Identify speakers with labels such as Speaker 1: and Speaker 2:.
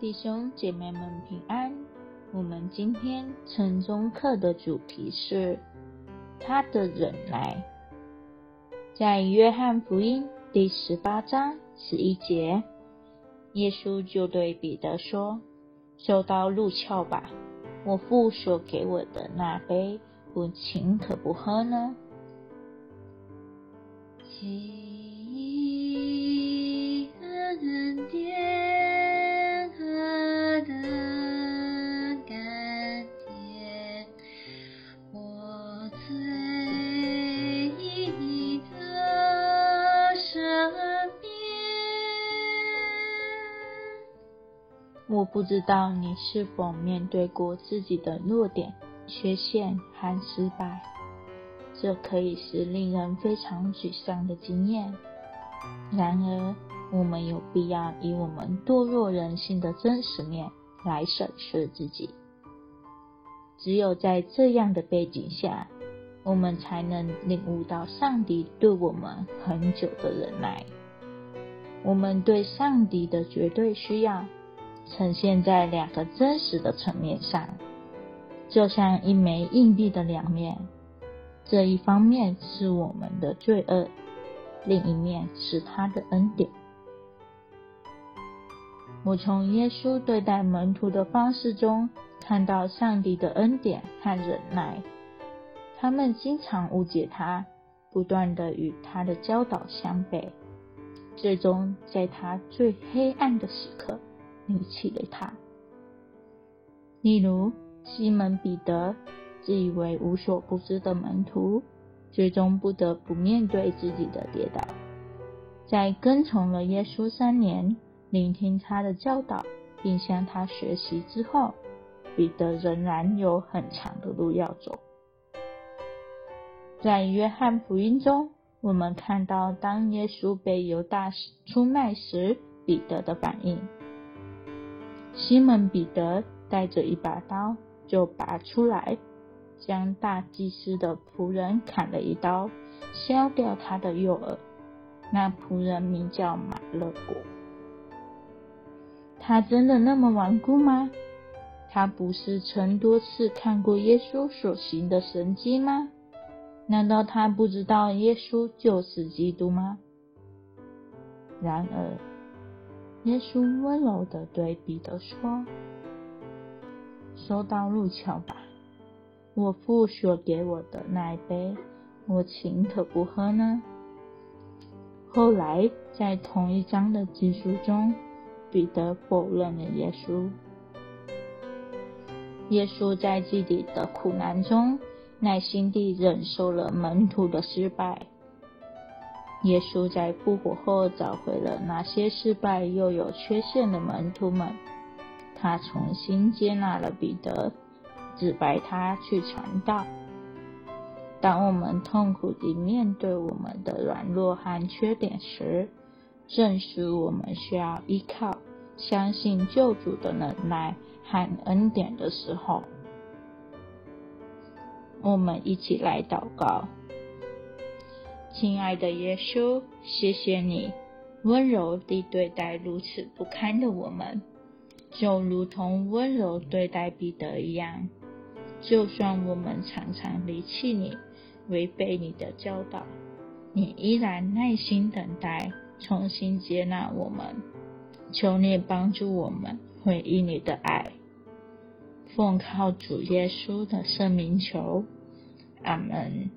Speaker 1: 弟兄姐妹們平安！我們今天晨鐘課的主題是他的忍耐。在約翰福音第十八章十一節，耶穌就對彼得說：“收刀入鞘吧，我父所給我的那杯，我豈可不喝呢？”我不知道你是否面對過自己的弱點、缺陷和失敗，這可以是令人非常沮喪的經驗。然而，我們有必要以我們墮落人性的真實面來審視自己。只有在這樣的背景下，我們才能領悟到上帝對我們恆久的忍耐，我們對上帝的絕對需要。呈現在兩個真實的層面上，就像一枚硬幣的兩面。這一方面是我們的罪惡，另一面是他的恩典。我從耶穌對待門徒的方式中看到上帝的恩典和忍耐。他們經常誤解他，不斷的與他的教導相悖，最終在他最黑暗的時刻，離棄了他。例如，西門彼得自以為無所不知的門徒，最終不得不面對自己的跌倒。在跟從了耶穌三年，聆聽他的教導，並向他學習之後，彼得仍然有很長的路要走。在約翰福音中，我們看到當耶穌被猶大出賣時，彼得的反應。西門彼得帶着一把刀就拔出來，將大祭司的僕人砍了一刀，削掉他的右耳。那僕人名叫馬勒古。他真的那麼頑固嗎？他不是曾多次看過耶穌所行的神蹟嗎？難道他不知道耶穌就是基督嗎？然而。耶穌溫柔地對彼得說：“收刀入鞘吧，我父所給我的那一杯，我豈可不喝呢？”後來，在同一章的記述中，彼得否認了耶穌。耶穌在自己的苦難中，耐心地忍受了門徒的失敗。耶穌在復活後找回了那些失敗又有缺陷的門徒們，他重新接納了彼得，指派他去傳道。當我們痛苦地面對我們的軟弱和缺點時，正是我們需要依靠、相信救主的能耐和恩典的時候。我們一起來禱告。親愛的耶穌，謝謝你溫柔地對待如此不堪的我們，就如同溫柔對待彼得一樣。就算我們常常離棄你，違背你的教導，你依然耐心等待，重新接納我們。求你幫助我們回應你的愛。奉靠主耶穌的聖名求，阿門。